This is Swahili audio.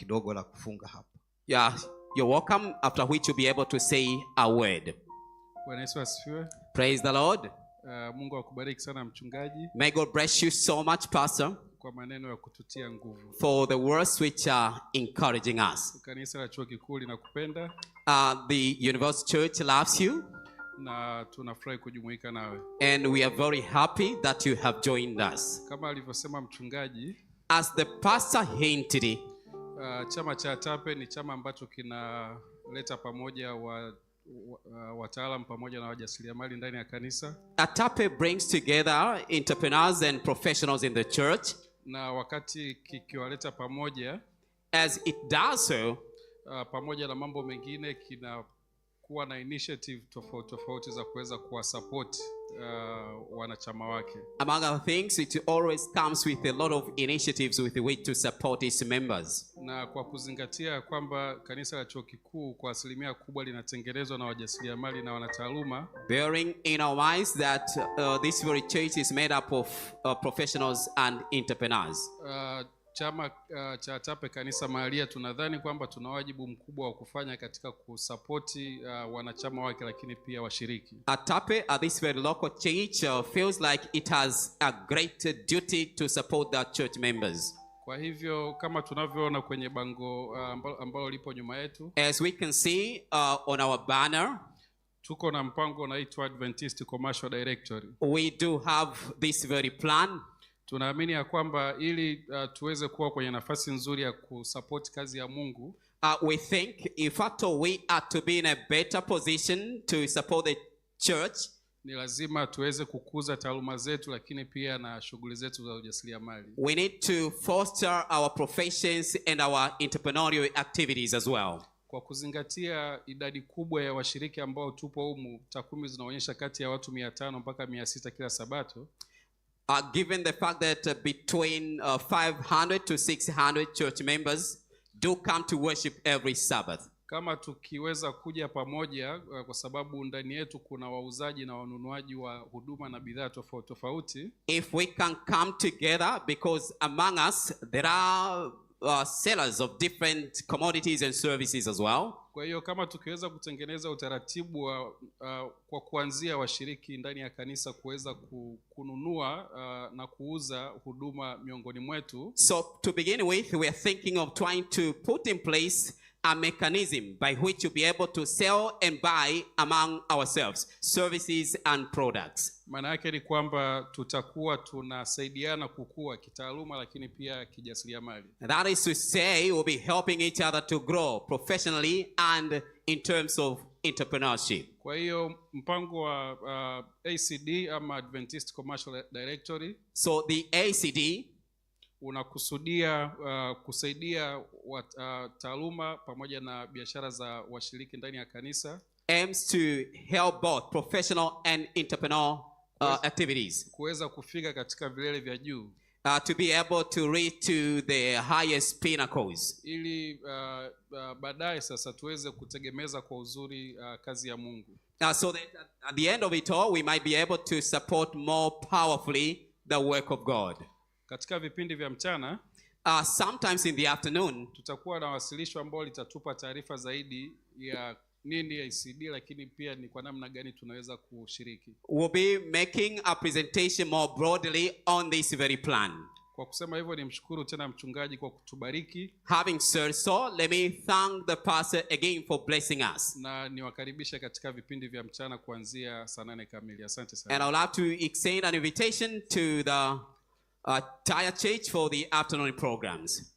kidogo la kufunga hapa. Yeah, you're welcome after which you'll be able to say a word. Bwana Yesu asifiwe. Praise the Lord. Uh, Mungu akubariki sana mchungaji. May God bless you so much pastor. Kwa maneno ya kututia nguvu. For the words which are encouraging us. Kanisa la chuo kikuu linakupenda. Uh, the University Church loves you. Na tunafurahi kujumuika nawe. And we are very happy that you have joined us. Kama alivyosema mchungaji. As the pastor hinted, Uh, chama cha TAPE ni chama ambacho kinaleta pamoja wa, wa, uh, pamoja na wajasiriamali ndani ya kanisa. TAPE brings together entrepreneurs and professionals in the church. Na wakati kikiwaleta pamoja, as it does so, uh, pamoja na mambo mengine kina kuwa na initiative tofauti tofauti za kuweza kuwasupport uh, wanachama wake. Among other things, it always comes with a lot of initiatives with which to support its members. Na kwa kuzingatia kwamba kanisa la chuo kikuu kwa asilimia kubwa linatengenezwa na wajasiriamali na wanataaluma. Bearing in our minds that uh, this very church is made up of uh, professionals and entrepreneurs. Uh, Chama uh, cha TAPE Kanisa maalia tunadhani kwamba tuna wajibu mkubwa wa kufanya katika kusapoti uh, wanachama wake lakini pia washiriki. atape At this very local church uh, feels like it has a great duty to support the church members. Kwa hivyo kama tunavyoona kwenye bango uh, ambalo lipo nyuma yetu. As we can see uh, on our banner tuko na mpango unaitwa Adventist Commercial Directory. We do have this very plan tunaamini ya kwamba ili uh, tuweze kuwa kwenye nafasi nzuri ya kusupport kazi ya Mungu uh, we think if at all we are to be in a better position to support the church ni lazima tuweze kukuza taaluma zetu lakini pia na shughuli zetu za ujasiriamali we need to foster our professions and our entrepreneurial activities as well kwa kuzingatia idadi kubwa ya washiriki ambao tupo humu takwimu zinaonyesha kati ya watu mia tano mpaka mia sita kila sabato Uh, given the fact that uh, between uh, 500 to 600 church members do come to worship every Sabbath. Kama tukiweza kuja pamoja, uh, kwa sababu ndani yetu kuna wauzaji na wanunuaji wa huduma na bidhaa tofauti tofauti. If we can come together because among us there are uh, sellers of different commodities and services as well. Kwa hiyo kama tukiweza kutengeneza utaratibu wa, uh, kwa kuanzia washiriki ndani ya kanisa kuweza kununua uh, na kuuza huduma miongoni mwetu. So to begin with we are thinking of trying to put in place a mechanism by which you'll be able to sell and buy among ourselves services and products. Maana yake ni kwamba tutakuwa tunasaidiana kukua kitaaluma, lakini pia kijasiriamali. That is to say we'll be helping each other to grow professionally and in terms of entrepreneurship. Kwa hiyo mpango wa uh, ACD ama Adventist Commercial Directory. So the ACD unakusudia uh, kusaidia wat, uh, taaluma pamoja na biashara za washiriki ndani ya kanisa aims to help both professional and entrepreneurial uh, activities kuweza kufika katika vilele vya juu uh, to be able to reach to the highest pinnacles ili uh, uh, baadaye sasa tuweze kutegemeza kwa uzuri uh, kazi ya mungu uh, so that at the end of it all we might be able to support more powerfully the work of god katika vipindi vya mchana uh, sometimes in the afternoon tutakuwa na wasilisho ambao litatupa taarifa zaidi ya nini ICD lakini pia ni kwa namna gani tunaweza kushiriki. We'll be making a presentation more broadly on this very plan. Kwa kusema hivyo nimshukuru tena mchungaji kwa kutubariki. Having said so, let me thank the pastor again for blessing us. Na niwakaribisha katika vipindi vya mchana kuanzia saa nane kamili. Asante sana. And I would like to extend an invitation to the A Taya Church for the afternoon programs.